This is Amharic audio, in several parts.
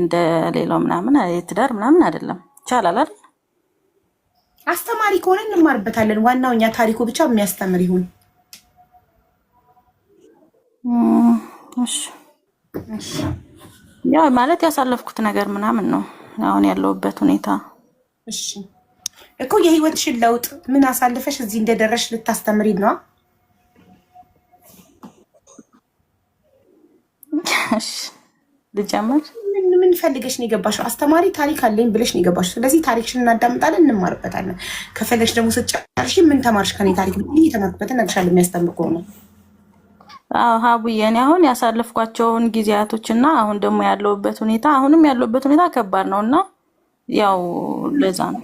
እንደ ሌላው ምናምን የትዳር ምናምን አይደለም። ይቻላል አይደል? አስተማሪ ከሆነ እንማርበታለን። ዋናው እኛ ታሪኩ ብቻ የሚያስተምር ይሁን። ያው ማለት ያሳለፍኩት ነገር ምናምን ነው አሁን ያለውበት ሁኔታ። እሺ እኮ የህይወትሽን ለውጥ ምን አሳልፈሽ እዚህ እንደደረሽ ልታስተምሪ ነዋ። ልጀምር ምን ፈልገሽ ነው የገባሽው? አስተማሪ ታሪክ አለኝ ብለሽ ነው የገባሽው። ስለዚህ ታሪክሽን እናዳምጣለን፣ እንማርበታለን። ከፈለግሽ ደግሞ ስጨርሽ ምን ተማርሽ ከኔ ታሪክ የተማርኩበትን እነግርሻለሁ። የሚያስተምር ከሆነ አዎ ሀቡዬ፣ እኔ አሁን ያሳለፍኳቸውን ጊዜያቶች እና አሁን ደግሞ ያለውበት ሁኔታ አሁንም ያለውበት ሁኔታ ከባድ ነው እና ያው ለዛ ነው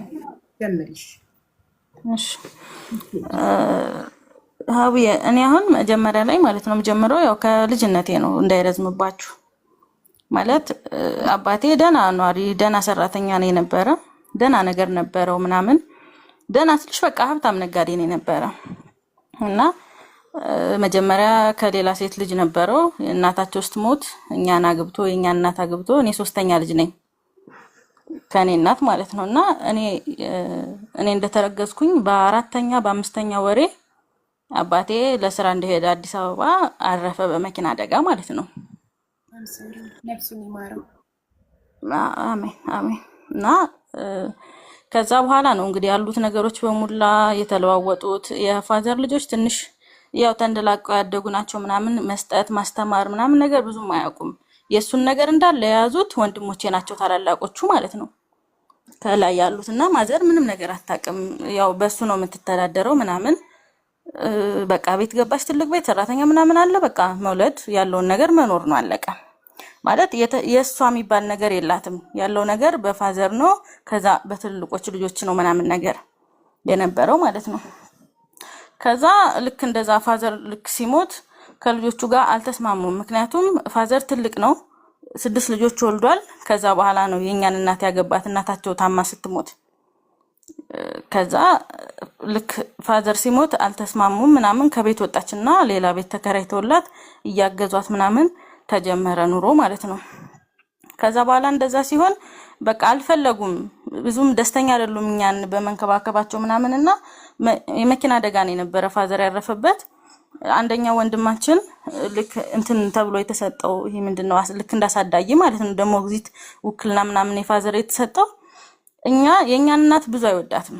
ሀቡዬ። እኔ አሁን መጀመሪያ ላይ ማለት ነው የምጀምረው ያው ከልጅነቴ ነው እንዳይረዝምባችሁ ማለት አባቴ ደና ኗሪ ደና ሰራተኛ ነው የነበረ። ደና ነገር ነበረው ምናምን ደና ስልሽ በቃ ሀብታም ነጋዴ ነው የነበረ እና መጀመሪያ ከሌላ ሴት ልጅ ነበረው። እናታቸው ስትሞት እኛን አግብቶ የእኛን እናት አግብቶ እኔ ሶስተኛ ልጅ ነኝ ከእኔ እናት ማለት ነው። እና እኔ እኔ እንደተረገዝኩኝ በአራተኛ በአምስተኛ ወሬ አባቴ ለስራ እንደሄደ አዲስ አበባ አረፈ፣ በመኪና አደጋ ማለት ነው። ነፍሱን ይማረው። አሜን አሜን። እና ከዛ በኋላ ነው እንግዲህ ያሉት ነገሮች በሙላ የተለዋወጡት። የፋዘር ልጆች ትንሽ ያው ተንደላቀው ያደጉ ናቸው። ምናምን መስጠት ማስተማር ምናምን ነገር ብዙም አያውቁም። የእሱን ነገር እንዳለ የያዙት ወንድሞቼ ናቸው ታላላቆቹ ማለት ነው ከላይ ያሉት እና ማዘር ምንም ነገር አታውቅም። ያው በእሱ ነው የምትተዳደረው ምናምን በቃ ቤት ገባች፣ ትልቅ ቤት፣ ሰራተኛ ምናምን አለ። በቃ መውለድ ያለውን ነገር መኖር ነው፣ አለቀ። ማለት የእሷ የሚባል ነገር የላትም። ያለው ነገር በፋዘር ነው፣ ከዛ በትልልቆች ልጆች ነው ምናምን ነገር የነበረው ማለት ነው። ከዛ ልክ እንደዛ ፋዘር ልክ ሲሞት ከልጆቹ ጋር አልተስማሙም። ምክንያቱም ፋዘር ትልቅ ነው፣ ስድስት ልጆች ወልዷል። ከዛ በኋላ ነው የእኛን እናት ያገባት እናታቸው ታማ ስትሞት ከዛ ልክ ፋዘር ሲሞት አልተስማሙም ምናምን ከቤት ወጣችና ሌላ ቤት ተከራይተውላት እያገዟት ምናምን ተጀመረ ኑሮ ማለት ነው። ከዛ በኋላ እንደዛ ሲሆን በቃ አልፈለጉም፣ ብዙም ደስተኛ አይደሉም እኛን በመንከባከባቸው ምናምን እና የመኪና አደጋ ነው የነበረ ፋዘር ያረፈበት። አንደኛ ወንድማችን ልክ እንትን ተብሎ የተሰጠው ይህ ምንድን ነው ልክ እንዳሳዳጊ ማለት ነው ደግሞ ጊዜት ውክልና ምናምን የፋዘር የተሰጠው እኛ የእኛን እናት ብዙ አይወዳትም።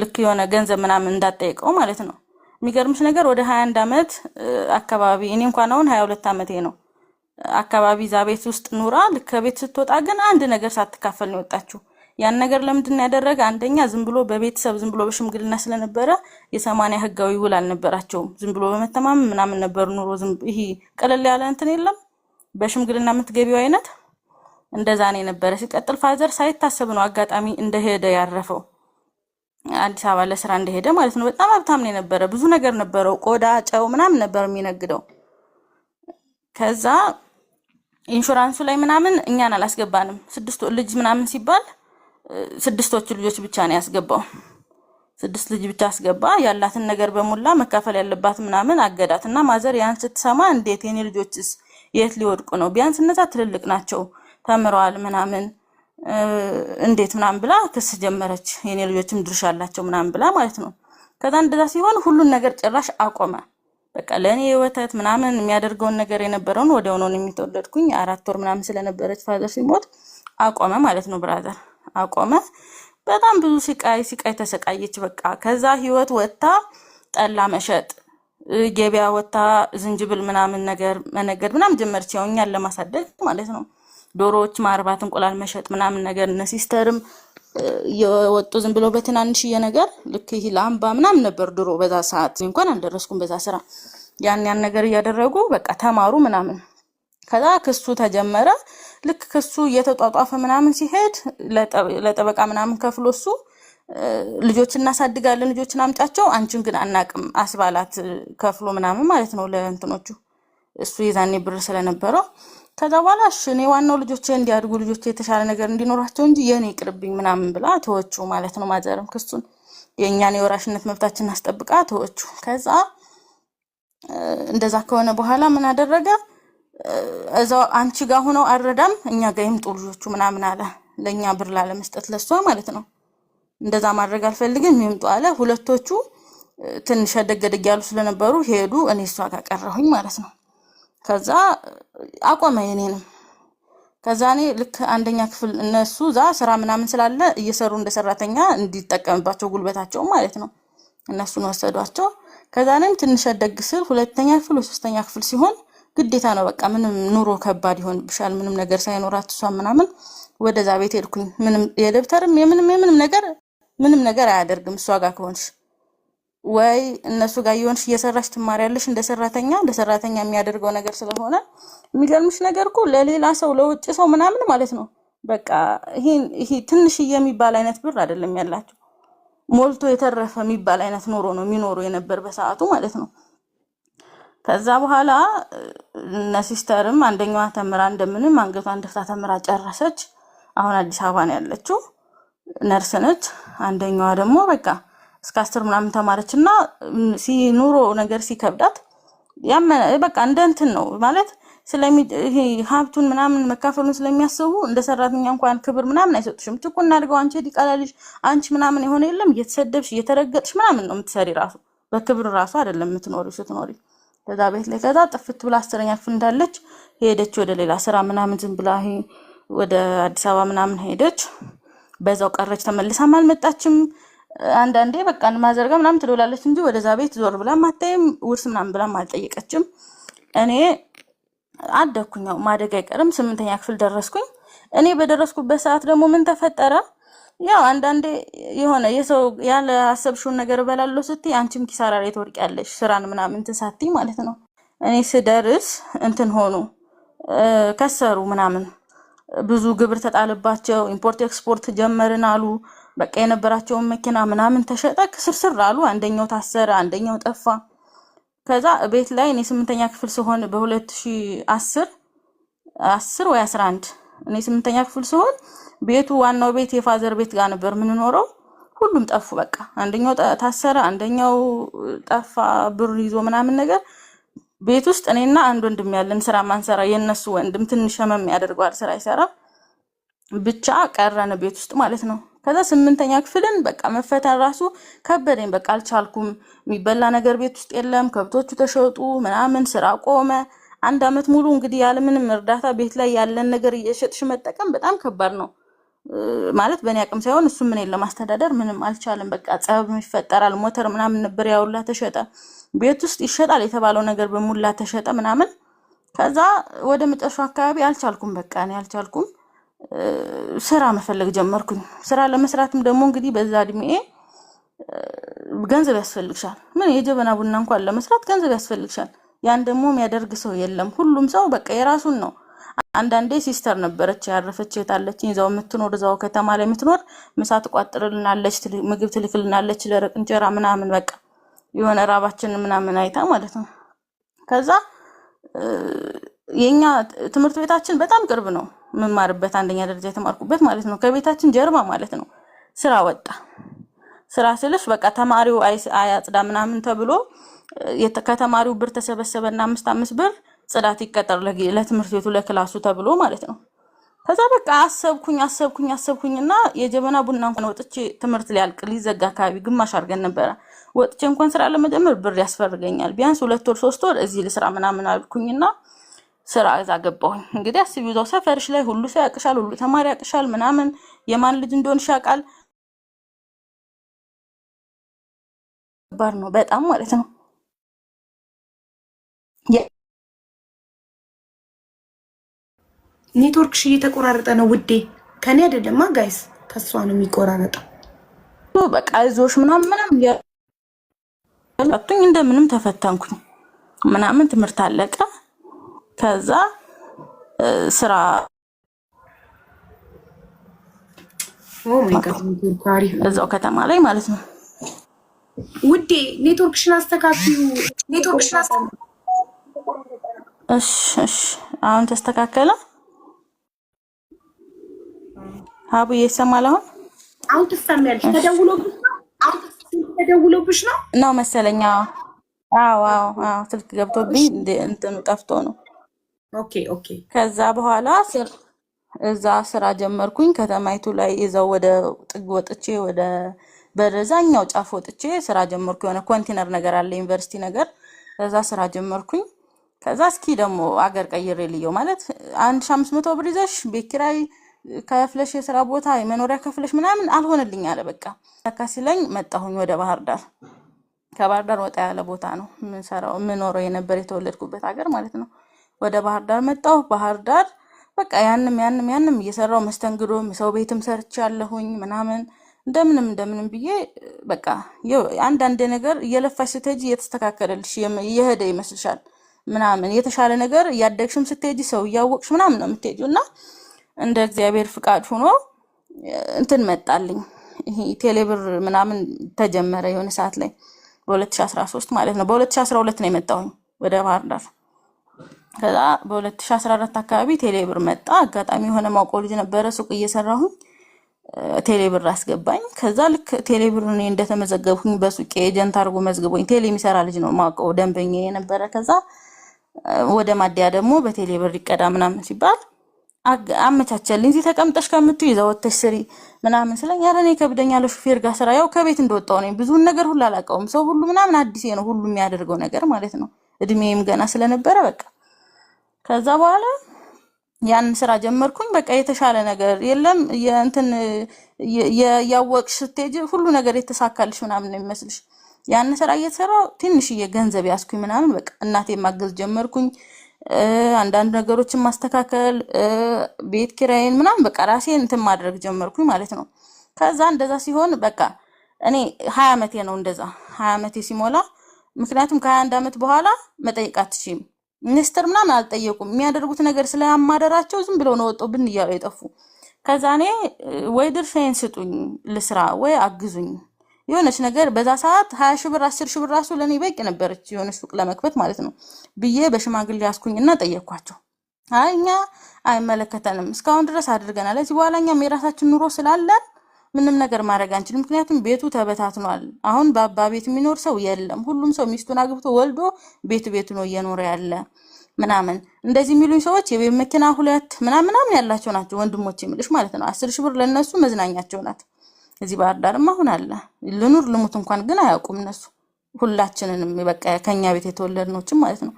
ልክ የሆነ ገንዘብ ምናምን እንዳጠይቀው ማለት ነው። የሚገርምሽ ነገር ወደ ሀያ አንድ አመት አካባቢ እኔ እንኳን አሁን ሀያ ሁለት አመቴ ነው አካባቢ እዛ ቤት ውስጥ ኑራ ልክ ከቤት ስትወጣ ግን አንድ ነገር ሳትካፈል ነው የወጣችው። ያን ነገር ለምንድን ያደረገ? አንደኛ ዝም ብሎ በቤተሰብ ዝም ብሎ በሽምግልና ስለነበረ የሰማንያ ህጋዊ ውል አልነበራቸውም። ዝም ብሎ በመተማመን ምናምን ነበር ኑሮ። ይሄ ቀለል ያለ እንትን የለም በሽምግልና የምትገቢው አይነት እንደዛ ነው የነበረ። ሲቀጥል ፋዘር ሳይታሰብ ነው አጋጣሚ እንደሄደ ያረፈው አዲስ አበባ ለስራ እንደሄደ ማለት ነው። በጣም ሀብታም ነው የነበረ። ብዙ ነገር ነበረው፣ ቆዳ፣ ጨው ምናምን ነበር የሚነግደው። ከዛ ኢንሹራንሱ ላይ ምናምን እኛን አላስገባንም። ስድስቱ ልጅ ምናምን ሲባል ስድስቶቹ ልጆች ብቻ ነው ያስገባው። ስድስት ልጅ ብቻ አስገባ። ያላትን ነገር በሙላ መካፈል ያለባት ምናምን አገዳት እና ማዘር ያን ስትሰማ እንዴት የኔ ልጆችስ የት ሊወድቁ ነው? ቢያንስ እነዛ ትልልቅ ናቸው ተምረዋል ምናምን እንዴት ምናምን ብላ ክስ ጀመረች። የኔ ልጆችም ድርሻ አላቸው ምናምን ብላ ማለት ነው። ከዛ እንደዛ ሲሆን ሁሉን ነገር ጭራሽ አቆመ። በቃ ለእኔ ወተት ምናምን የሚያደርገውን ነገር የነበረውን ወዲያውኑ የሚተወለድኩኝ አራት ወር ምናምን ስለነበረች ፋዘር ሲሞት አቆመ ማለት ነው። ብራዘር አቆመ። በጣም ብዙ ሲቃይ ሲቃይ ተሰቃየች። በቃ ከዛ ህይወት ወጥታ ጠላ መሸጥ ገበያ ወጥታ ዝንጅብል ምናምን ነገር መነገድ ምናምን ጀመረች። ያው እኛን ለማሳደግ ማለት ነው። ዶሮዎች ማርባት፣ እንቁላል መሸጥ ምናምን ነገር እነ ሲስተርም የወጡ ዝም ብሎ በትናንሽዬ ነገር ልክ ይህ ለአምባ ምናምን ነበር ድሮ። በዛ ሰዓት እንኳን አልደረስኩም በዛ ስራ። ያን ያን ነገር እያደረጉ በቃ ተማሩ ምናምን። ከዛ ክሱ ተጀመረ። ልክ ክሱ እየተጧጧፈ ምናምን ሲሄድ ለጠበቃ ምናምን ከፍሎ እሱ ልጆች እናሳድጋለን ልጆችን አምጫቸው አንቺን ግን አናቅም አስባላት ከፍሎ ምናምን ማለት ነው ለእንትኖቹ እሱ የዛኔ ብር ስለነበረው ከዛ በኋላ እሺ እኔ ዋናው ልጆቼ እንዲያድጉ ልጆቼ የተሻለ ነገር እንዲኖራቸው እንጂ የእኔ ይቅርብኝ ምናምን ብላ ተወቹ ማለት ነው። ማዘርም ክሱን የእኛን የወራሽነት መብታችን አስጠብቃ ተወቹ። ከዛ እንደዛ ከሆነ በኋላ ምን አደረገ? እዛው አንቺ ጋር ሆነው አረዳም እኛ ጋር ይምጡ ልጆቹ ምናምን አለ። ለእኛ ብር ላለመስጠት ለሷ ማለት ነው። እንደዛ ማድረግ አልፈልግም ይምጡ አለ። ሁለቶቹ ትንሽ ደገደግ ያሉ ስለነበሩ ሄዱ። እኔ እሷ ጋር ቀረሁኝ ማለት ነው። ከዛ አቆመ የኔንም። ከዛ እኔ ልክ አንደኛ ክፍል እነሱ እዛ ስራ ምናምን ስላለ እየሰሩ እንደ ሰራተኛ እንዲጠቀምባቸው ጉልበታቸው ማለት ነው እነሱን ወሰዷቸው። ከዛ እኔም ትንሽ አደግ ስል ሁለተኛ ክፍል ወይ ሶስተኛ ክፍል ሲሆን ግዴታ ነው በቃ ምንም ኑሮ ከባድ ይሆንብሻል፣ ምንም ነገር ሳይኖራት እሷ ምናምን ወደዛ ቤት ሄድኩኝ። ምንም የደብተርም የምንም የምንም ነገር ምንም ነገር አያደርግም እሷ ጋር ከሆንሽ ወይ እነሱ ጋር የሆንሽ እየሰራሽ ትማሪያለሽ እንደ ሰራተኛ እንደ ሰራተኛ የሚያደርገው ነገር ስለሆነ የሚገርምሽ ነገር እኮ ለሌላ ሰው ለውጭ ሰው ምናምን ማለት ነው በቃ ይሄ ትንሽዬ የሚባል አይነት ብር አይደለም ያላቸው ሞልቶ የተረፈ የሚባል አይነት ኑሮ ነው የሚኖሩ የነበር በሰዓቱ ማለት ነው። ከዛ በኋላ እነ ሲስተርም አንደኛዋ ተምራ እንደምንም አንገቷን ደፍታ ተምራ ጨረሰች። አሁን አዲስ አበባ ነው ያለችው፣ ነርስ ነች። አንደኛዋ ደግሞ በቃ እስከ አስር ምናምን ተማረች እና ሲኑሮ ነገር ሲከብዳት በቃ እንደ እንትን ነው ማለት ሀብቱን ምናምን መካፈሉን ስለሚያስቡ እንደ ሰራተኛ እንኳን ክብር ምናምን አይሰጡሽም። ትኩ እናድርገው አንቺ ዲቃላልሽ አንቺ ምናምን የሆነ የለም እየተሰደብሽ እየተረገጥሽ ምናምን ነው የምትሰሪ። ራሱ በክብር ራሱ አይደለም የምትኖሪ ስትኖሪ ከዛ ቤት ላይ ከዛ ጥፍት ብላ አስረኛ ክፍል እንዳለች ሄደች ወደ ሌላ ስራ ምናምን ዝም ብላ ወደ አዲስ አበባ ምናምን ሄደች። በዛው ቀረች። ተመልሳም አልመጣችም። አንዳንዴ በቃ ማዘርጋ ምናምን ትደውላለች እንጂ ወደዛ ቤት ዞር ብላም አታይም፣ ውርስ ምናምን ብላም አልጠየቀችም። እኔ አደኩኛው ማደግ አይቀርም። ስምንተኛ ክፍል ደረስኩኝ። እኔ በደረስኩበት ሰዓት ደግሞ ምን ተፈጠረ? ያው አንዳንዴ የሆነ የሰው ያለ አሰብሽውን ነገር እበላለሁ ስትይ አንቺም ኪሳራ ላይ ትወድቂያለሽ። ስራን ምናምን እንትን ሳትይ ማለት ነው። እኔ ስደርስ እንትን ሆኑ ከሰሩ ምናምን ብዙ ግብር ተጣለባቸው። ኢምፖርት ኤክስፖርት ጀመርን አሉ በቃ የነበራቸውን መኪና ምናምን ተሸጠ፣ ክስርስር አሉ። አንደኛው ታሰረ፣ አንደኛው ጠፋ። ከዛ ቤት ላይ እኔ ስምንተኛ ክፍል ስሆን በ2010 10 ወይ 11 እኔ ስምንተኛ ክፍል ስሆን ቤቱ ዋናው ቤት የፋዘር ቤት ጋር ነበር የምንኖረው። ሁሉም ጠፉ። በቃ አንደኛው ታሰረ፣ አንደኛው ጠፋ ብር ይዞ ምናምን ነገር ቤት ውስጥ እኔና አንድ ወንድም ያለን ስራ ማንሰራ፣ የእነሱ ወንድም ትንሽ ህመም ያደርገዋል ስራ ይሰራ ብቻ ቀረን ቤት ውስጥ ማለት ነው። ከዛ ስምንተኛ ክፍልን በቃ መፈተን ራሱ ከበደኝ። በቃ አልቻልኩም። የሚበላ ነገር ቤት ውስጥ የለም። ከብቶቹ ተሸጡ ምናምን፣ ስራ ቆመ። አንድ አመት ሙሉ እንግዲህ ያለምንም እርዳታ ቤት ላይ ያለን ነገር እየሸጥሽ መጠቀም በጣም ከባድ ነው ማለት በእኔ አቅም ሳይሆን እሱ ምን ለማስተዳደር ምንም አልቻለም። በቃ ጸብ ይፈጠራል። ሞተር ምናምን ነበር ያውላ ተሸጠ። ቤት ውስጥ ይሸጣል የተባለው ነገር በሙላ ተሸጠ ምናምን። ከዛ ወደ መጨረሻው አካባቢ አልቻልኩም። በቃ እኔ አልቻልኩም። ስራ መፈለግ ጀመርኩኝ። ስራ ለመስራትም ደግሞ እንግዲህ በዛ እድሜ ገንዘብ ያስፈልግሻል። ምን የጀበና ቡና እንኳን ለመስራት ገንዘብ ያስፈልግሻል። ያን ደግሞ የሚያደርግ ሰው የለም። ሁሉም ሰው በቃ የራሱን ነው። አንዳንዴ ሲስተር ነበረች ያረፈች የታለች ይዛው የምትኖር እዛው ከተማ ላይ የምትኖር ምሳ ትቋጥርልናለች፣ ምግብ ትልክልናለች፣ ደረቅ እንጀራ ምናምን በቃ የሆነ ራባችን ምናምን አይታ ማለት ነው። ከዛ የኛ ትምህርት ቤታችን በጣም ቅርብ ነው የምማርበት አንደኛ ደረጃ የተማርኩበት ማለት ነው። ከቤታችን ጀርባ ማለት ነው። ስራ ወጣ። ስራ ስልሽ በቃ ተማሪው አያጽዳ ምናምን ተብሎ ከተማሪው ብር ተሰበሰበና አምስት አምስት ብር ጽዳት ይቀጠር ለትምህርት ቤቱ ለክላሱ ተብሎ ማለት ነው። ከዛ በቃ አሰብኩኝ አሰብኩኝ አሰብኩኝና የጀበና ቡና እንኳን ወጥቼ ትምህርት ሊያልቅ ሊዘጋ አካባቢ ግማሽ አድርገን ነበረ። ወጥቼ እንኳን ስራ ለመጀመር ብር ያስፈርገኛል ቢያንስ ሁለት ወር ሶስት ወር እዚህ ልስራ ምናምን አልኩኝና ስራ እዛ ገባሁኝ። እንግዲህ አስቢ፣ እዛው ሰፈርሽ ላይ ሁሉ ሰው ያቅሻል፣ ሁሉ ተማሪ ያቅሻል፣ ምናምን የማን ልጅ እንደሆንሽ ያውቃል። ባር ነው በጣም ማለት ነው። ኔትወርክሽ እየተቆራረጠ ነው ውዴ። ከኔ አይደለማ ጋይስ፣ ከሷ ነው የሚቆራረጠው። በቃ አይዞሽ ምናምን ምናምን ያሉኝ እንደምንም ተፈተንኩኝ ምናምን ትምህርት አለቀ። ከዛ ስራ እዛው ከተማ ላይ ማለት ነው። ውዴ ኔትወርክሽን አስተካክዩ። ኔትወርክሽን አስተካክዩ። እሺ፣ እሺ። አሁን ተስተካከለ። ሀቡ ይሰማል። አሁን አሁን ትሰሚያለሽ። ተደውሎብሽ ነው? አሁን ተደውሎብሽ ነው ነው መሰለኝ። አዎ፣ አዎ፣ አዎ። ስልክ ገብቶብኝ እንትኑ ጠፍቶ ነው ከዛ በኋላ እዛ ስራ ጀመርኩኝ። ከተማይቱ ላይ እዛው ወደ ጥግ ወጥቼ ወደ በዛኛው ጫፍ ወጥቼ ስራ ጀመርኩ። የሆነ ኮንቴነር ነገር አለ ዩኒቨርሲቲ ነገር፣ እዛ ስራ ጀመርኩኝ። ከዛ እስኪ ደግሞ አገር ቀይሬ ልየው ማለት አንድ ሺ አምስት መቶ ብር ይዘሽ ቤት ኪራይ ከፍለሽ የስራ ቦታ የመኖሪያ ከፍለሽ ምናምን አልሆነልኝ አለ። በቃ ተካ ሲለኝ መጣሁኝ ወደ ባህር ዳር። ከባህር ዳር ወጣ ያለ ቦታ ነው የምሰራው የምኖረው የነበር የተወለድኩበት ሀገር ማለት ነው። ወደ ባህር ዳር መጣሁ። ባህር ዳር በቃ ያንም ያንም ያንም እየሰራው መስተንግዶም ሰው ቤትም ሰርች ያለሁኝ ምናምን እንደምንም እንደምንም ብዬ በቃ አንዳንድ ነገር እየለፋሽ ስትሄጂ እየተስተካከለልሽ እየሄደ ይመስልሻል ምናምን የተሻለ ነገር እያደግሽም ስትሄጂ ሰው እያወቅሽ ምናምን ነው የምትሄጂው እና እንደ እግዚአብሔር ፍቃድ ሆኖ እንትን መጣልኝ። ይሄ ቴሌብር ምናምን ተጀመረ የሆነ ሰዓት ላይ በ2013 ማለት ነው። በ2012 ነው የመጣሁኝ ወደ ባህር ዳር። ከዛ በ2014 አካባቢ ቴሌብር መጣ። አጋጣሚ የሆነ ማውቀው ልጅ ነበረ ሱቅ እየሰራሁኝ ቴሌብር አስገባኝ። ከዛ ልክ ቴሌብር እኔ እንደተመዘገብኩኝ በሱቄ ኤጀንት አድርጎ መዝግቦኝ፣ ቴሌ የሚሰራ ልጅ ነው ማውቀው ደንበኛ የነበረ። ከዛ ወደ ማዲያ ደግሞ በቴሌብር ይቀዳ ምናምን ሲባል አመቻቸልኝ። እዚህ ተቀምጠሽ ከምትይ ይዛ ወተሽ ስሪ ምናምን ስለኝ፣ ኧረ እኔ ከብደኛል። ጋር ስራ ያው ከቤት እንደወጣው ነኝ ብዙውን ነገር ሁሉ አላውቀውም። ሰው ሁሉ ምናምን አዲሴ ነው ሁሉ የሚያደርገው ነገር ማለት ነው። እድሜም ገና ስለነበረ በቃ ከዛ በኋላ ያንን ስራ ጀመርኩኝ። በቃ የተሻለ ነገር የለም የእንትን ያወቅሽ ስትሄጂ ሁሉ ነገር የተሳካልሽ ምናምን ነው የሚመስልሽ። ያን ስራ እየተሰራው ትንሽዬ ገንዘብ ያስኩኝ ምናምን በቃ እናቴ ማገዝ ጀመርኩኝ። አንዳንድ ነገሮችን ማስተካከል፣ ቤት ኪራይን ምናምን በቃ ራሴ እንትን ማድረግ ጀመርኩኝ ማለት ነው። ከዛ እንደዛ ሲሆን በቃ እኔ ሀያ ዓመቴ ነው እንደዛ ሀያ ዓመቴ ሲሞላ ምክንያቱም ከሀያ አንድ ዓመት በኋላ መጠየቅ አትችይም ሚኒስትር ምናምን አልጠየቁም። የሚያደርጉት ነገር ስለማደራቸው ዝም ብለው ነው ብን እያሉ የጠፉ። ከዛ እኔ ወይ ድርሻዬን ስጡኝ ልስራ ወይ አግዙኝ የሆነች ነገር በዛ ሰዓት ሀያ ሺህ ብር አስር ሺህ ብር ራሱ ለእኔ በቂ ነበረች፣ የሆነች ሱቅ ለመክፈት ማለት ነው ብዬ በሽማግሌ ያስኩኝና ጠየኳቸው አይ እኛ አይመለከተንም እስካሁን ድረስ አድርገናል። ለዚህ በኋላ እኛም የራሳችን ኑሮ ስላለን ምንም ነገር ማድረግ አንችልም። ምክንያቱም ቤቱ ተበታትኗል። አሁን በአባ ቤት የሚኖር ሰው የለም። ሁሉም ሰው ሚስቱን አግብቶ ወልዶ ቤት ቤቱ ነው እየኖረ ያለ ምናምን እንደዚህ የሚሉኝ ሰዎች የቤት መኪና ሁለት ምናምን ምናምን ያላቸው ናቸው። ወንድሞች የሚልሽ ማለት ነው። አስር ሺህ ብር ለእነሱ መዝናኛቸው ናት። እዚህ ባህር ዳርም አሁን አለ ልኑር ልሙት እንኳን ግን አያውቁም እነሱ ሁላችንንም በቃ ከኛ ቤት የተወለድኖችም ማለት ነው።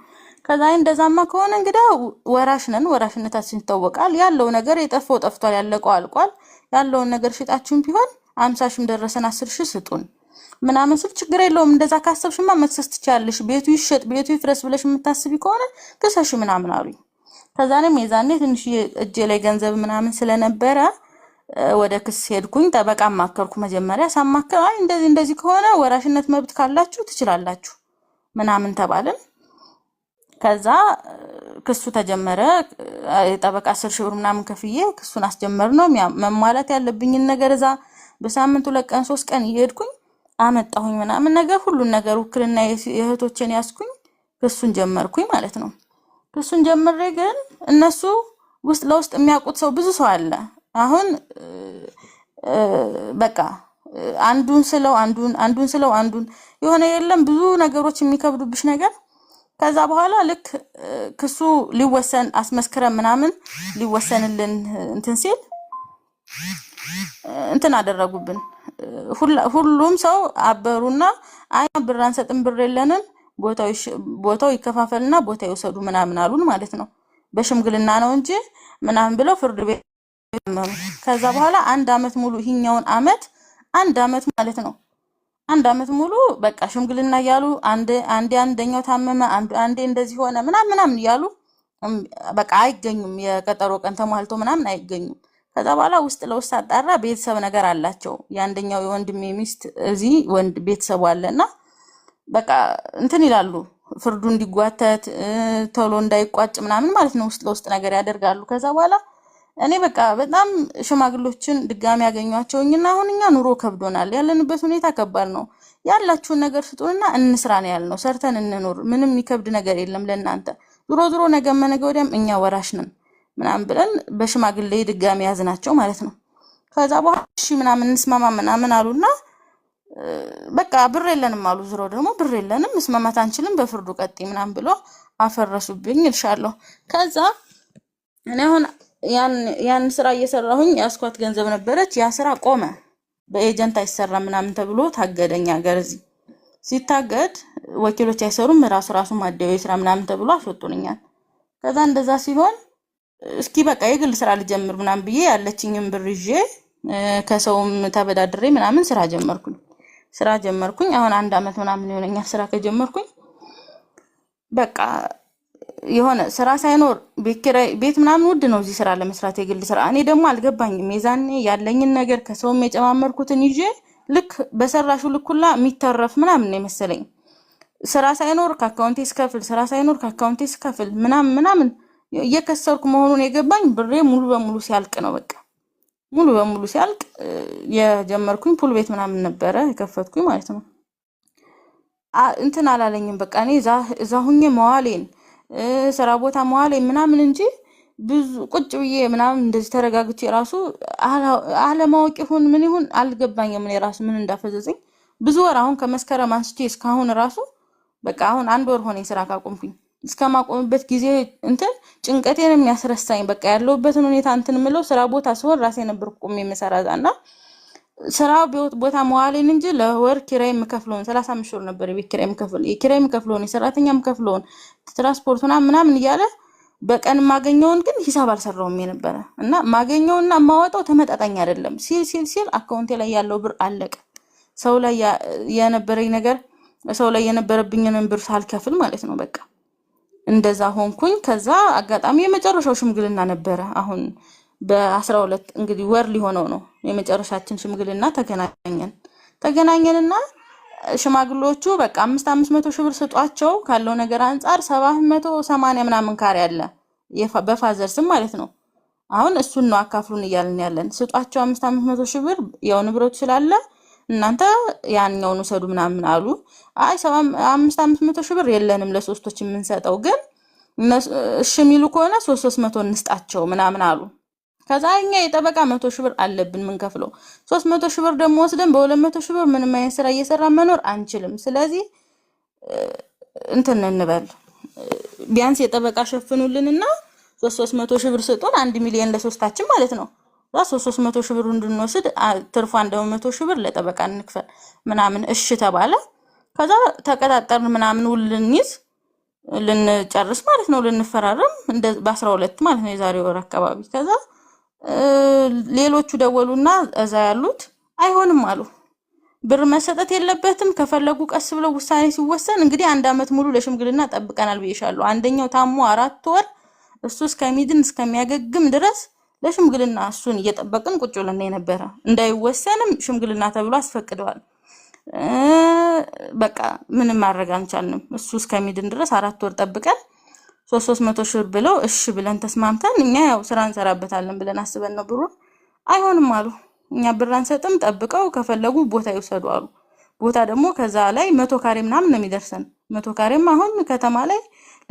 ከዛ እንደዛማ ከሆነ እንግዳ ወራሽ ነን፣ ወራሽነታችን ይታወቃል። ያለው ነገር የጠፋው ጠፍቷል፣ ያለቀው አልቋል። ያለውን ነገር ሽጣችሁም ቢሆን አምሳ ሺም ደረሰን አስር ሺ ስጡን ምናምን ስል ችግር የለውም እንደዛ ካሰብሽማ መክሰስ ትችያለሽ፣ ቤቱ ይሸጥ፣ ቤቱ ይፍረስ ብለሽ የምታስቢ ከሆነ ክሰሽ ምናምን አሉኝ። ከዛ የዛኔ ትንሽ እጄ ላይ ገንዘብ ምናምን ስለነበረ ወደ ክስ ሄድኩኝ። ጠበቃ አማከርኩ። መጀመሪያ ሳማከር አይ እንደዚህ እንደዚህ ከሆነ ወራሽነት መብት ካላችሁ ትችላላችሁ ምናምን ተባልን። ከዛ ክሱ ተጀመረ። ጠበቃ አስር ሺህ ብር ምናምን ከፍዬ ክሱን አስጀመር ነው መሟላት ያለብኝን ነገር እዛ በሳምንቱ ለቀን ሶስት ቀን እየሄድኩኝ አመጣሁኝ ምናምን ነገር ሁሉን ነገር ውክልና የእህቶችን ያስኩኝ ክሱን ጀመርኩኝ ማለት ነው። ክሱን ጀምሬ ግን እነሱ ውስጥ ለውስጥ የሚያውቁት ሰው ብዙ ሰው አለ። አሁን በቃ አንዱን ስለው አንዱን አንዱን ስለው አንዱን የሆነ የለም ብዙ ነገሮች የሚከብዱብሽ ነገር ከዛ በኋላ ልክ ክሱ ሊወሰን አስመስክረን ምናምን ሊወሰንልን እንትን ሲል እንትን አደረጉብን። ሁሉም ሰው አበሩና አይ ብር አንሰጥም፣ ብር የለንም፣ ቦታው ይከፋፈልና ቦታ ይወሰዱ ምናምን አሉን ማለት ነው። በሽምግልና ነው እንጂ ምናምን ብለው ፍርድ ቤት ከዛ በኋላ አንድ አመት ሙሉ ይህኛውን አመት አንድ አመት ማለት ነው አንድ አመት ሙሉ በቃ ሽምግልና እያሉ አንዴ አንደኛው ታመመ፣ አንዴ እንደዚህ ሆነ ምናምን ምናምን እያሉ በቃ አይገኙም። የቀጠሮ ቀን ተሟልቶ ምናምን አይገኙም። ከዛ በኋላ ውስጥ ለውስጥ አጣራ ቤተሰብ ነገር አላቸው። የአንደኛው የወንድሜ ሚስት እዚህ ወንድ ቤተሰቡ አለና በቃ እንትን ይላሉ። ፍርዱ እንዲጓተት ቶሎ እንዳይቋጭ ምናምን ማለት ነው። ውስጥ ለውስጥ ነገር ያደርጋሉ። ከዛ በኋላ እኔ በቃ በጣም ሽማግሎችን ድጋሚ ያገኟቸውኝና አሁን እኛ ኑሮ ከብዶናል፣ ያለንበት ሁኔታ ከባድ ነው፣ ያላችሁን ነገር ስጡንና እንስራ ነው ያልነው። ሰርተን እንኖር፣ ምንም የሚከብድ ነገር የለም ለእናንተ። ዞሮ ዞሮ ነገ መነገ ወዲያም እኛ ወራሽ ነን ምናምን ብለን በሽማግሌ ድጋሚ ያዝናቸው ማለት ነው። ከዛ በኋላ እሺ ምናምን እንስማማ ምናምን አሉና በቃ ብር የለንም አሉ። ዞሮ ደግሞ ብር የለንም መስማማት አንችልም፣ በፍርዱ ቀጤ ምናምን ብሎ አፈረሱብኝ እልሻለሁ። ከዛ እኔ አሁን ያን ስራ እየሰራሁኝ ያስኳት ገንዘብ ነበረች። ያ ስራ ቆመ። በኤጀንት አይሰራ ምናምን ተብሎ ታገደኝ። ሀገር እዚህ ሲታገድ ወኪሎች አይሰሩም፣ ራሱ ራሱ ማደያ ስራ ምናምን ተብሎ አስወጡልኛል። ከዛ እንደዛ ሲሆን እስኪ በቃ የግል ስራ ልጀምር ምናምን ብዬ ያለችኝም ብር ይዤ ከሰውም ተበዳድሬ ምናምን ስራ ጀመርኩኝ። ስራ ጀመርኩኝ። አሁን አንድ አመት ምናምን ይሆነኛል ስራ ከጀመርኩኝ በቃ የሆነ ስራ ሳይኖር ቤት ኪራይ ቤት ምናምን ውድ ነው እዚህ ስራ ለመስራት የግል ስራ። እኔ ደግሞ አልገባኝም የዛኔ ያለኝን ነገር ከሰውም የጨማመርኩትን ይዤ ልክ በሰራሹ ልኩላ የሚተረፍ ምናምን ነው የመሰለኝ። ስራ ሳይኖር ከአካውንቴ ስከፍል ስራ ሳይኖር ከአካውንቴ ስከፍል ምናምን ምናምን እየከሰርኩ መሆኑን የገባኝ ብሬ ሙሉ በሙሉ ሲያልቅ ነው። በቃ ሙሉ በሙሉ ሲያልቅ የጀመርኩኝ ፑል ቤት ምናምን ነበረ የከፈትኩኝ ማለት ነው። እንትን አላለኝም በቃ እኔ እዛ ሁኜ መዋሌን ስራ ቦታ መዋል ምናምን እንጂ ብዙ ቁጭ ብዬ ምናምን እንደዚህ ተረጋግቼ ራሱ አለማወቅ ይሁን ምን ይሁን አልገባኝም። እኔ ራሱ ምን እንዳፈዘዘኝ ብዙ ወር አሁን ከመስከረም አንስቼ እስካሁን ራሱ በቃ አሁን አንድ ወር ሆነ ስራ ካቆምኩኝ። እስከማቆምበት ጊዜ እንትን ጭንቀቴን የሚያስረሳኝ በቃ ያለሁበትን ሁኔታ እንትን ምለው ስራ ቦታ ስሆን ራሴ ነበር ቁም የምሰራ እና ስራ ቦታ መዋሌን እንጂ ለወር ኪራይ የምከፍለውን ሰላሳ አምስት ሺህ ነበር የቤት ኪራይ የምከፍለው የኪራይ የምከፍለውን የሰራተኛ የምከፍለውን ትራንስፖርቱና ምናምን እያለ በቀን የማገኘውን ግን ሂሳብ አልሰራውም የነበረ እና ማገኘውና የማወጣው ተመጣጣኝ አይደለም ሲል ሲል ሲል አካውንቴ ላይ ያለው ብር አለቀ። ሰው ላይ የነበረኝ ነገር ሰው ላይ የነበረብኝንን ብር ሳልከፍል ማለት ነው። በቃ እንደዛ ሆንኩኝ። ከዛ አጋጣሚ የመጨረሻው ሽምግልና ነበረ አሁን በአስራ ሁለት እንግዲህ ወር ሊሆነው ነው የመጨረሻችን ሽምግልና ተገናኘን። ተገናኘንና ሽማግሌዎቹ በቃ አምስት አምስት መቶ ሺህ ብር ስጧቸው ካለው ነገር አንጻር ሰባት መቶ ሰማንያ ምናምን ካሬ አለ በፋዘር ስም ማለት ነው። አሁን እሱን ነው አካፍሉን እያልን ያለን። ስጧቸው አምስት አምስት መቶ ሺህ ብር ያው ንብረቱ ስላለ እናንተ ያኛውን ውሰዱ ምናምን አሉ። አይ አምስት አምስት መቶ ሺህ ብር የለንም ለሶስቶች የምንሰጠው ግን እሺ የሚሉ ከሆነ ሶስት ሶስት መቶ እንስጣቸው ምናምን አሉ። ከዛ እኛ የጠበቃ መቶ ሺህ ብር አለብን ምንከፍለው። ሶስት መቶ ሺህ ብር ደግሞ ወስደን በሁለት መቶ ሺህ ብር ምንም አይነት ስራ እየሰራ መኖር አንችልም። ስለዚህ እንትን እንበል ቢያንስ የጠበቃ ሸፍኑልንና ሶስት ሶስት መቶ ሺህ ብር ስጡን። አንድ ሚሊዮን ለሶስታችን ማለት ነው። ሶስት ሶስት መቶ ሺህ እንድንወስድ ትርፏን ደግሞ መቶ ሺህ ብር ለጠበቃ እንክፈል ምናምን። እሺ ተባለ። ከዛ ተቀጣጠርን ምናምን ውል ልንይዝ ልንጨርስ ማለት ነው ልንፈራረም በአስራ ሁለት ማለት ነው የዛሬ ወር አካባቢ ከዛ ሌሎቹ ደወሉና እዛ ያሉት አይሆንም አሉ። ብር መሰጠት የለበትም ከፈለጉ ቀስ ብለው ውሳኔ ሲወሰን እንግዲህ አንድ አመት ሙሉ ለሽምግልና ጠብቀናል ብዬሻለሁ። አንደኛው ታሞ አራት ወር እሱ እስከሚድን እስከሚያገግም ድረስ ለሽምግልና እሱን እየጠበቅን ቁጭ ብለን የነበረ እንዳይወሰንም ሽምግልና ተብሎ አስፈቅደዋል። በቃ ምንም ማድረግ አልቻልንም። እሱ እስከሚድን ድረስ አራት ወር ጠብቀን ሶስት ሶስት መቶ ሺህ ብለው እሺ ብለን ተስማምተን እኛ ያው ስራ እንሰራበታለን ብለን አስበን ነው ብሩን አይሆንም አሉ። እኛ ብር አንሰጥም፣ ጠብቀው ከፈለጉ ቦታ ይውሰዱ አሉ። ቦታ ደግሞ ከዛ ላይ መቶ ካሬ ምናምን ነው የሚደርሰን። መቶ ካሬም አሁን ከተማ ላይ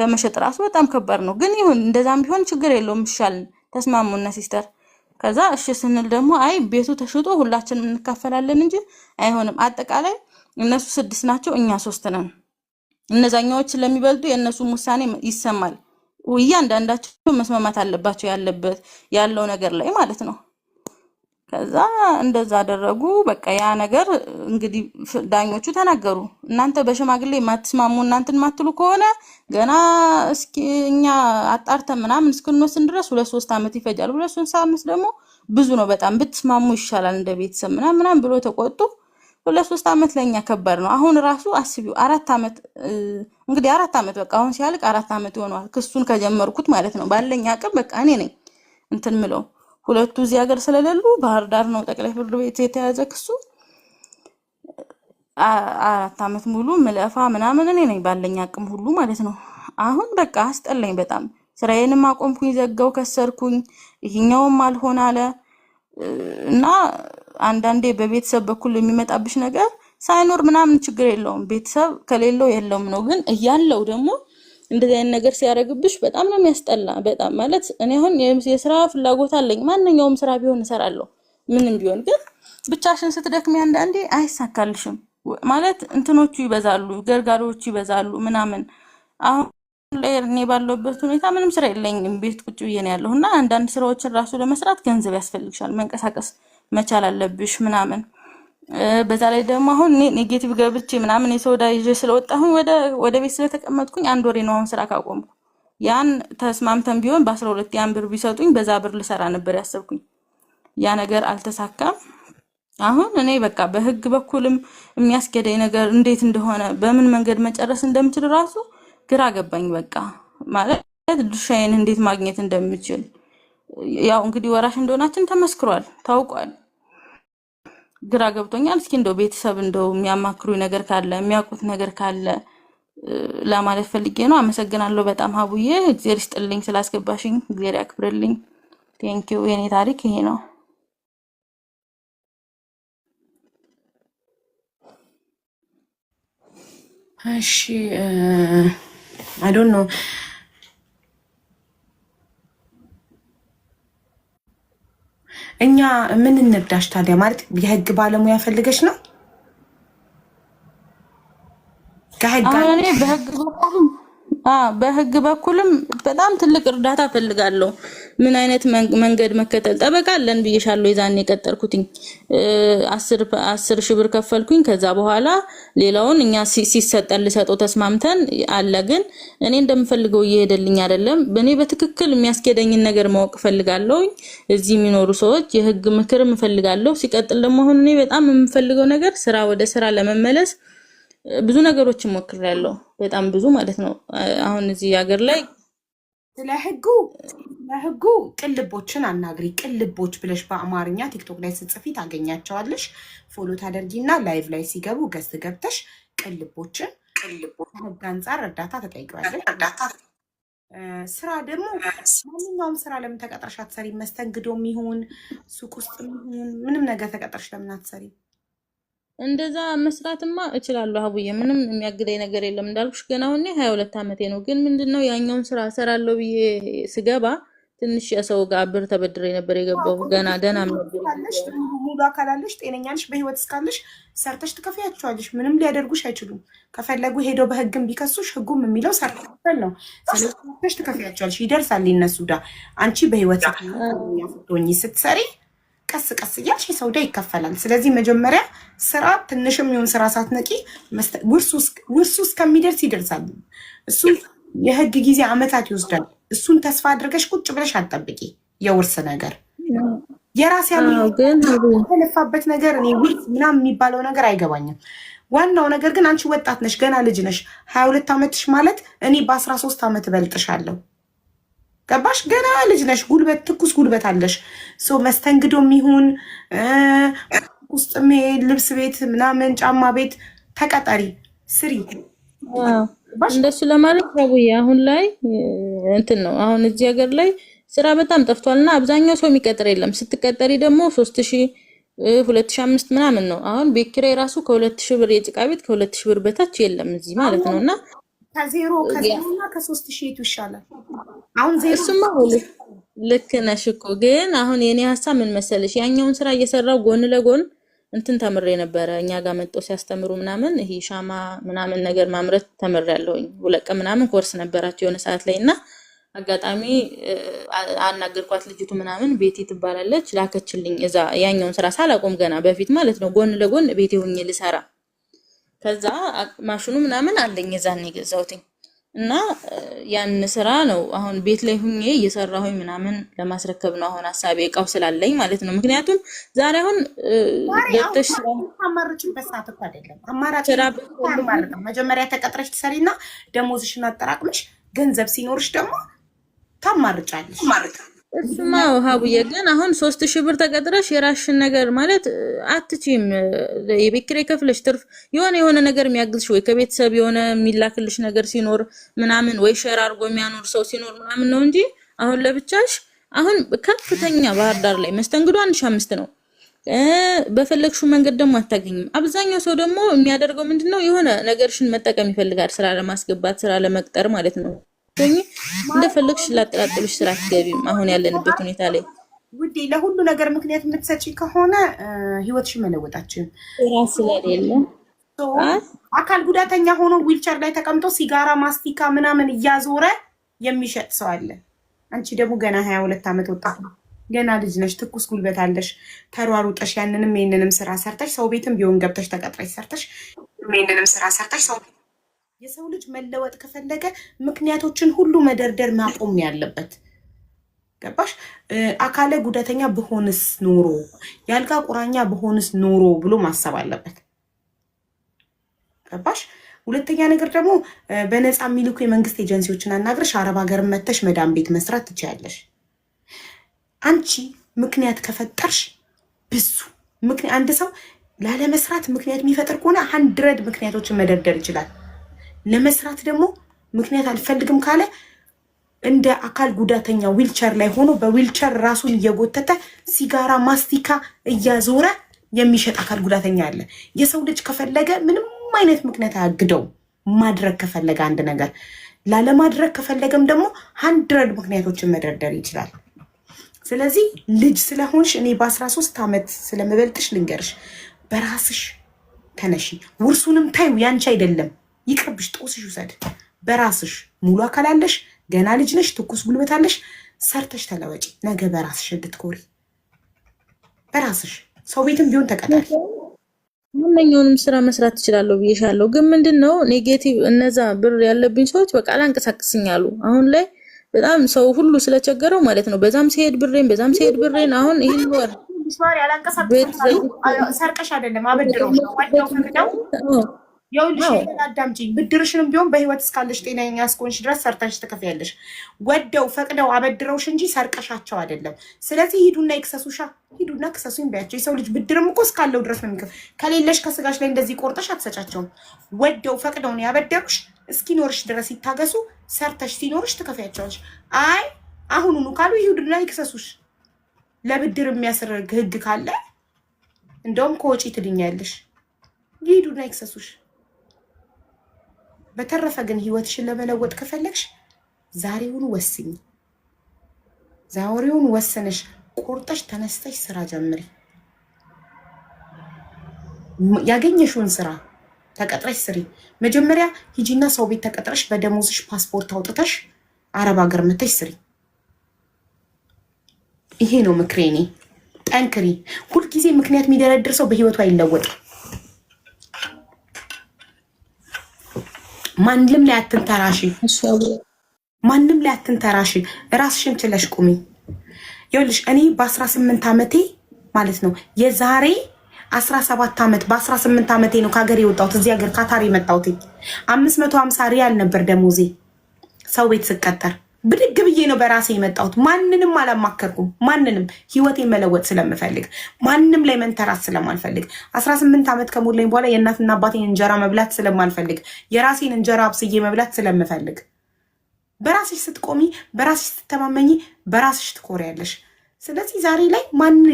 ለመሸጥ ራሱ በጣም ከባድ ነው። ግን ይሁን እንደዛም ቢሆን ችግር የለውም ይሻልን ተስማሙና ሲስተር። ከዛ እሺ ስንል ደግሞ አይ ቤቱ ተሽጦ ሁላችንም እንካፈላለን እንጂ አይሆንም። አጠቃላይ እነሱ ስድስት ናቸው፣ እኛ ሶስት ነን። እነዛኛዎች ስለሚበልጡ የእነሱም ውሳኔ ይሰማል። እያንዳንዳቸው መስማማት አለባቸው ያለበት ያለው ነገር ላይ ማለት ነው። ከዛ እንደዛ አደረጉ። በቃ ያ ነገር እንግዲህ ዳኞቹ ተናገሩ። እናንተ በሽማግሌ የማትስማሙ እናንትን ማትሉ ከሆነ ገና እስኪ እኛ አጣርተን ምናምን እስክንወስን ድረስ ሁለት ሶስት ዓመት ይፈጃል። ሁለት ሶስት ዓመት ደግሞ ብዙ ነው በጣም ብትስማሙ ይሻላል እንደ ቤተሰብ ምናምን ብሎ ተቆጡ። ሁለት ሶስት አመት ለእኛ ከባድ ነው። አሁን ራሱ አስቢው አራት ዓመት እንግዲህ አራት አመት በቃ አሁን ሲያልቅ አራት ዓመት ይሆነዋል ክሱን ከጀመርኩት ማለት ነው። ባለኝ አቅም በቃ እኔ ነኝ እንትን ምለው ሁለቱ እዚህ ሀገር ስለሌሉ ባህር ዳር ነው ጠቅላይ ፍርድ ቤት የተያዘ ክሱ። አራት አመት ሙሉ ምለፋ ምናምን እኔ ነኝ ባለኝ አቅም ሁሉ ማለት ነው። አሁን በቃ አስጠላኝ በጣም ስራዬንም አቆምኩኝ፣ ዘጋው፣ ከሰርኩኝ፣ ይህኛውም አልሆን አለ እና አንዳንዴ በቤተሰብ በኩል የሚመጣብሽ ነገር ሳይኖር ምናምን ችግር የለውም፣ ቤተሰብ ከሌለው የለውም ነው። ግን እያለው ደግሞ እንደዚህ አይነት ነገር ሲያደርግብሽ በጣም ነው የሚያስጠላ። በጣም ማለት እኔ አሁን የስራ ፍላጎት አለኝ፣ ማንኛውም ስራ ቢሆን እሰራለሁ፣ ምንም ቢሆን ግን ብቻሽን ስትደክሜ አንዳንዴ አይሳካልሽም። ማለት እንትኖቹ ይበዛሉ፣ ገርጋሪዎቹ ይበዛሉ ምናምን አሁን እኔ ባለበት ሁኔታ ምንም ስራ የለኝም። ቤት ቁጭ ብዬ ነው ያለሁ እና አንዳንድ ስራዎችን ራሱ ለመስራት ገንዘብ ያስፈልግሻል፣ መንቀሳቀስ መቻል አለብሽ ምናምን። በዛ ላይ ደግሞ አሁን እኔ ኔጌቲቭ ገብቼ ምናምን የሰውዳ ይዤ ስለወጣሁኝ ወደ ቤት ስለተቀመጥኩኝ አንድ ወሬ ነው አሁን ስራ ካቆምኩ። ያን ተስማምተን ቢሆን በአስራ ሁለት ያን ብር ቢሰጡኝ በዛ ብር ልሰራ ነበር ያሰብኩኝ። ያ ነገር አልተሳካም። አሁን እኔ በቃ በህግ በኩልም የሚያስኬደኝ ነገር እንዴት እንደሆነ በምን መንገድ መጨረስ እንደምችል ራሱ ግራ ገባኝ። በቃ ማለት ድርሻዬን እንዴት ማግኘት እንደምችል ያው እንግዲህ ወራሽ እንደሆናችን ተመስክሯል፣ ታውቋል። ግራ ገብቶኛል። እስኪ እንደው ቤተሰብ እንደው የሚያማክሩ ነገር ካለ የሚያውቁት ነገር ካለ ለማለት ፈልጌ ነው። አመሰግናለሁ በጣም ሀቡዬ፣ እግዜር ይስጥልኝ ስላስገባሽኝ፣ እግዜር ያክብርልኝ። ቴንኪዩ። የኔ ታሪክ ይሄ ነው። እሺ አይ ዶንት ኖ እኛ ምን እንርዳሽ ታዲያ? ማለት የህግ ባለሙያ ፈልገሽ ነው? በህግ በኩልም በጣም ትልቅ እርዳታ ፈልጋለሁ። ምን አይነት መንገድ መከተል ጠበቃ አለን ብዬሻለሁ። የዛን የቀጠርኩትኝ አስር ሺህ ብር ከፈልኩኝ። ከዛ በኋላ ሌላውን እኛ ሲሰጠን ልሰጠው ተስማምተን አለ። ግን እኔ እንደምፈልገው እየሄደልኝ አይደለም። እኔ በትክክል የሚያስኬደኝን ነገር ማወቅ እፈልጋለሁ እዚህ የሚኖሩ ሰዎች የህግ ምክር እፈልጋለሁ። ሲቀጥል ደግሞ አሁን እኔ በጣም የምፈልገው ነገር ስራ ወደ ስራ ለመመለስ ብዙ ነገሮችን ሞክሬያለሁ። በጣም ብዙ ማለት ነው። አሁን እዚህ ሀገር ላይ ስለ ህጉ ለህጉ ቅልቦችን አናግሪ። ቅልቦች ብለሽ በአማርኛ ቲክቶክ ላይ ስትጽፊ ታገኛቸዋለሽ። ፎሎ ታደርጊና ላይቭ ላይ ሲገቡ ገዝ ገብተሽ ቅልቦችን ከህግ አንጻር እርዳታ ተጠይቀዋለሽ። ስራ ደግሞ ማንኛውም ስራ ለምን ተቀጥረሽ አትሰሪም? መስተንግዶም ይሁን ሱቅ ውስጥ ይሁን ምንም ነገር ተቀጥረሽ ለምን አትሰሪም? እንደዛ መስራትማ እችላለሁ አቡዬ፣ ምንም የሚያግደኝ ነገር የለም። እንዳልኩሽ ገና ሁኔ ሀያ ሁለት ዓመቴ ነው። ግን ምንድነው ያኛውን ስራ እሰራለሁ ብዬ ስገባ ትንሽ የሰው ጋር ብር ተበድሬ ነበር የገባው። ገና ደህና ሙሉ አካላለሽ ጤነኛልሽ፣ በህይወት እስካለሽ ሰርተሽ ትከፍያቸዋለሽ። ምንም ሊያደርጉሽ አይችሉም። ከፈለጉ ሄደው በህግም ቢከሱሽ ህጉም የሚለው ሰርተ ነው። ስለሽ ትከፍያቸዋለሽ፣ ይደርሳል ሊነሱ ዳ አንቺ በህይወት ስትሆኚ ስትሰሪ ቀስ ቀስ እያልሽ የሰው ዕዳ ይከፈላል። ስለዚህ መጀመሪያ ስራ ትንሽም ይሁን ስራ ሳትነቂ ውርሱ እስከሚደርስ ይደርሳል። እሱ የህግ ጊዜ አመታት ይወስዳል። እሱን ተስፋ አድርገሽ ቁጭ ብለሽ አጠብቂ። የውርስ ነገር የራስ ያለፋበት ነገር እኔ ውርስ ምናምን የሚባለው ነገር አይገባኝም። ዋናው ነገር ግን አንቺ ወጣት ነሽ፣ ገና ልጅ ነሽ። ሀያ ሁለት ዓመትሽ ማለት እኔ በአስራ ሶስት ዓመት እበልጥሻለሁ። ገባሽ? ገና ልጅ ነሽ፣ ጉልበት ትኩስ ጉልበት አለሽ። ሰው መስተንግዶ ይሁን ውስጥ ልብስ ቤት ምናምን ጫማ ቤት ተቀጠሪ ስሪ። እንደሱ ለማለት አቡዬ አሁን ላይ እንትን ነው። አሁን እዚህ ሀገር ላይ ስራ በጣም ጠፍቷል እና አብዛኛው ሰው የሚቀጥር የለም። ስትቀጠሪ ደግሞ ሶስት ሺ ሁለት ሺ አምስት ምናምን ነው። አሁን ቤት ኪራይ ራሱ ከሁለት ሺ ብር የጭቃ ቤት ከሁለት ሺ ብር በታች የለም እዚህ ማለት ነው እና ከዜሮ ከዜሮና ከሶስት ሺህ የቱ ይሻላል? አሁን ዜሮ እሱማ ልክ ነሽ እኮ ግን አሁን የኔ ሀሳብ ምን መሰለሽ፣ ያኛውን ስራ እየሰራው ጎን ለጎን እንትን ተምሬ ነበረ። እኛ ጋር መጦ ሲያስተምሩ ምናምን ይሄ ሻማ ምናምን ነገር ማምረት ተምሬ ያለሁኝ ሁለት ምናምን ኮርስ ነበራቸው የሆነ ሰዓት ላይ እና አጋጣሚ አናገርኳት ልጅቱ ምናምን ቤቲ ትባላለች። ላከችልኝ እዛ ያኛውን ስራ ሳላቆም ገና በፊት ማለት ነው ጎን ለጎን ቤቴ ሆኜ ልሰራ ከዛ ማሽኑ ምናምን አለኝ የዛን የገዛውትኝ እና ያን ስራ ነው አሁን ቤት ላይ ሁኜ እየሰራሁኝ ምናምን ለማስረከብ ነው አሁን ሀሳቤ፣ እቃው ስላለኝ ማለት ነው። ምክንያቱም ዛሬ አሁን ገብተሽ አማራጭን በሰዓት እኮ አይደለም አማራጭ መጀመሪያ ተቀጥረሽ ትሰሪና ደሞዝሽን አጠራቅምሽ ገንዘብ ሲኖርሽ ደግሞ ታማርጫለሽ። ማለት ነው። እሱማ ሀቡዬ ግን አሁን ሶስት ሺህ ብር ተቀጥረሽ የራሽን ነገር ማለት አትችም። የቤት ኪራይ ከፍለሽ ትርፍ የሆነ የሆነ ነገር የሚያግዝሽ ወይ ከቤተሰብ የሆነ የሚላክልሽ ነገር ሲኖር ምናምን ወይ ሸር አድርጎ የሚያኖር ሰው ሲኖር ምናምን ነው እንጂ አሁን ለብቻሽ አሁን ከፍተኛ ባህር ዳር ላይ መስተንግዶ አንድ ሺህ አምስት ነው። በፈለግሽው መንገድ ደግሞ አታገኝም። አብዛኛው ሰው ደግሞ የሚያደርገው ምንድን ነው የሆነ ነገርሽን መጠቀም ይፈልጋል። ስራ ለማስገባት ስራ ለመቅጠር ማለት ነው። ስለምትገኝ እንደፈለግሽ ላጠላጥልሽ ስራ አትገቢም። አሁን ያለንበት ሁኔታ ላይ ውዴ፣ ለሁሉ ነገር ምክንያት የምትሰጪ ከሆነ ህይወትሽን መለወጣችን ራ ስለሌለ አካል ጉዳተኛ ሆኖ ዊልቸር ላይ ተቀምጦ ሲጋራ ማስቲካ ምናምን እያዞረ የሚሸጥ ሰው አለ። አንቺ ደግሞ ገና ሀያ ሁለት ዓመት ወጣት ነው ገና ልጅ ነሽ፣ ትኩስ ጉልበት አለሽ። ተሯሩጠሽ ያንንም ይህንንም ስራ ሰርተሽ ሰው ቤትም ቢሆን ገብተሽ ተቀጥረሽ ሰርተሽ ይህንንም ስራ ሰርተሽ ሰው የሰው ልጅ መለወጥ ከፈለገ ምክንያቶችን ሁሉ መደርደር ማቆም ያለበት ገባሽ? አካለ ጉዳተኛ በሆንስ ኖሮ የአልጋ ቁራኛ በሆንስ ኖሮ ብሎ ማሰብ አለበት። ገባሽ? ሁለተኛ ነገር ደግሞ በነፃ የሚልኩ የመንግስት ኤጀንሲዎችን አናግረሽ አረብ ሀገር መተሽ መዳን ቤት መስራት ትችያለሽ። አንቺ ምክንያት ከፈጠርሽ ብዙ አንድ ሰው ላለመስራት ምክንያት የሚፈጥር ከሆነ ሀንድረድ ምክንያቶችን መደርደር ይችላል። ለመስራት ደግሞ ምክንያት አልፈልግም ካለ እንደ አካል ጉዳተኛ ዊልቸር ላይ ሆኖ በዊልቸር ራሱን እየጎተተ ሲጋራ፣ ማስቲካ እያዞረ የሚሸጥ አካል ጉዳተኛ አለ። የሰው ልጅ ከፈለገ ምንም አይነት ምክንያት አያግደው ማድረግ ከፈለገ አንድ ነገር ላለማድረግ ከፈለገም ደግሞ ሀንድረድ ምክንያቶችን መደርደር ይችላል። ስለዚህ ልጅ ስለሆንሽ እኔ በአስራ ሶስት ዓመት ስለመበልጥሽ ልንገርሽ፣ በራስሽ ተነሺ። ውርሱንም ታዩ ያንቺ አይደለም ይቅርብሽ፣ ጦስሽ ውሰድ። በራስሽ ሙሉ አካል አለሽ፣ ገና ልጅ ነሽ፣ ትኩስ ጉልበት አለሽ። ሰርተሽ ተለወጪ። ነገ በራስሽ እንድትኮሪ በራስሽ ሰው ቤትም ቢሆን ተቀጣሪ ማንኛውንም ስራ መስራት ትችላለሁ ብዬሻለሁ። ግን ምንድን ነው ኔጌቲቭ፣ እነዛ ብር ያለብኝ ሰዎች በቃ አላንቀሳቅስኝ አሁን ላይ በጣም ሰው ሁሉ ስለቸገረው ማለት ነው። በዛም ሲሄድ ብሬን፣ በዛም ሲሄድ ብሬን። አሁን ይህን ወር ሰርቀሽ አይደለም አበድረው ነው የውልሽ አዳምጪኝ። ብድርሽንም ቢሆን በህይወት እስካለሽ ጤናኛ እስከሆንሽ ድረስ ሰርተሽ ትከፍያለሽ። ወደው ፈቅደው አበድረውሽ እንጂ ሰርቀሻቸው አይደለም። ስለዚህ ሂዱና ይክሰሱሻ፣ ሂዱና ክሰሱኝ በያቸው። የሰው ልጅ ብድርም እኮ እስካለው ድረስ ነው የሚከፍ። ከሌለሽ ከስጋሽ ላይ እንደዚህ ቆርጠሽ አትሰጫቸውም። ወደው ፈቅደው ነው ያበደሩሽ። እስኪኖርሽ ድረስ ይታገሱ። ሰርተሽ ሲኖርሽ ትከፍያቸዋለሽ። አይ አሁኑኑ ካሉ ይሂዱና ይክሰሱሽ። ለብድር የሚያስርግ ህግ ካለ እንደውም ከወጪ ትድኛለሽ። ይሂዱና ይክሰሱሽ። በተረፈ ግን ህይወትሽን ለመለወጥ ከፈለግሽ ዛሬውን ወስኝ። ዛሬውን ወሰነሽ ቆርጠሽ ተነስተሽ ስራ ጀምሪ። ያገኘሽውን ስራ ተቀጥረሽ ስሪ። መጀመሪያ ሂጂና ሰው ቤት ተቀጥረሽ በደሞዝሽ ፓስፖርት አውጥተሽ አረብ ሀገር መተሽ ስሪ። ይሄ ነው ምክሬ። እኔ ጠንክሪ። ሁልጊዜ ምክንያት የሚደረድር ሰው በህይወቱ አይለወጥም። ማንም ላይ አትንተራሽ፣ ማንም ላይ አትንተራሽ። ራስሽን ችለሽ ቁሚ። ይኸውልሽ እኔ በ18 ዓመቴ ማለት ነው የዛሬ 17 ዓመት በ18 ዓመቴ ነው ከሀገር የወጣሁት እዚህ ሀገር ካታር የመጣሁት። 550 ሪያል ነበር ደሞዜ ሰው ቤት ስቀጠር ብድግ ብዬ ነው በራሴ የመጣሁት። ማንንም አላማከርኩም። ማንንም ህይወቴን መለወጥ ስለምፈልግ ማንም ላይ መንተራት ስለማልፈልግ አስራ ስምንት ዓመት ከሞላኝ በኋላ የእናትና አባቴን እንጀራ መብላት ስለማልፈልግ የራሴን እንጀራ አብስዬ መብላት ስለምፈልግ በራስሽ ስትቆሚ፣ በራስሽ ስትተማመኝ፣ በራስሽ ትኮሪያለሽ። ስለዚህ ዛሬ ላይ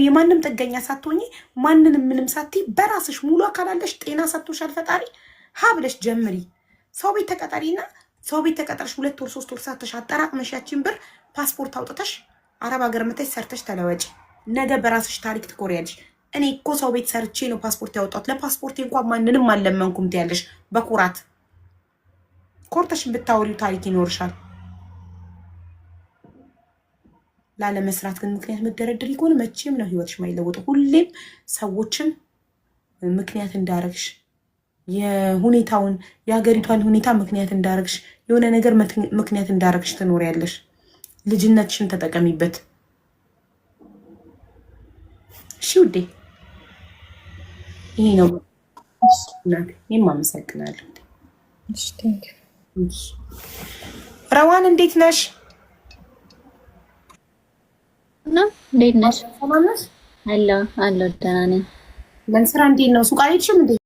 የማንም ጥገኛ ሳትሆኝ ማንንም ምንም ሳቲ በራስሽ ሙሉ አካላለሽ ጤና ሰጥቶሻል ፈጣሪ ሀብለሽ ጀምሪ። ሰው ቤት ተቀጠሪና ሰው ቤት ተቀጥረሽ ሁለት ወር ሶስት ወር ሳትሽ አጠራቅመሽ ያችን ብር ፓስፖርት አውጥተሽ አረብ ሀገር መተሽ ሰርተሽ ተለወጭ። ነገ በራስሽ ታሪክ ትኮሪያለሽ። እኔ እኮ ሰው ቤት ሰርቼ ነው ፓስፖርት ያወጣት ለፓስፖርቴ እንኳን ማንንም አለመንኩም ትያለሽ በኩራት ኮርተሽ ብታወሪው ታሪክ ይኖርሻል። ላለመስራት ግን ምክንያት መደረደር ከሆነ መቼም ነው ህይወትሽ ማይለወጡ። ሁሌም ሰዎችን ምክንያት እንዳረግሽ የሁኔታውን የሀገሪቷን ሁኔታ ምክንያት እንዳረግሽ የሆነ ነገር ምክንያት እንዳረግሽ ትኖሪያለሽ። ልጅነትሽን ተጠቀሚበት። እሺ ውዴ፣ ይሄ ነው። እኔም አመሰግናለሁ። ረዋን እንዴት ነሽ? እንዴት ነሽ? ሰላም አለ አለ፣ ደህና ነኝ። ምን እንዴት ነው? ሱቅ አልሄድሽም እንዴ?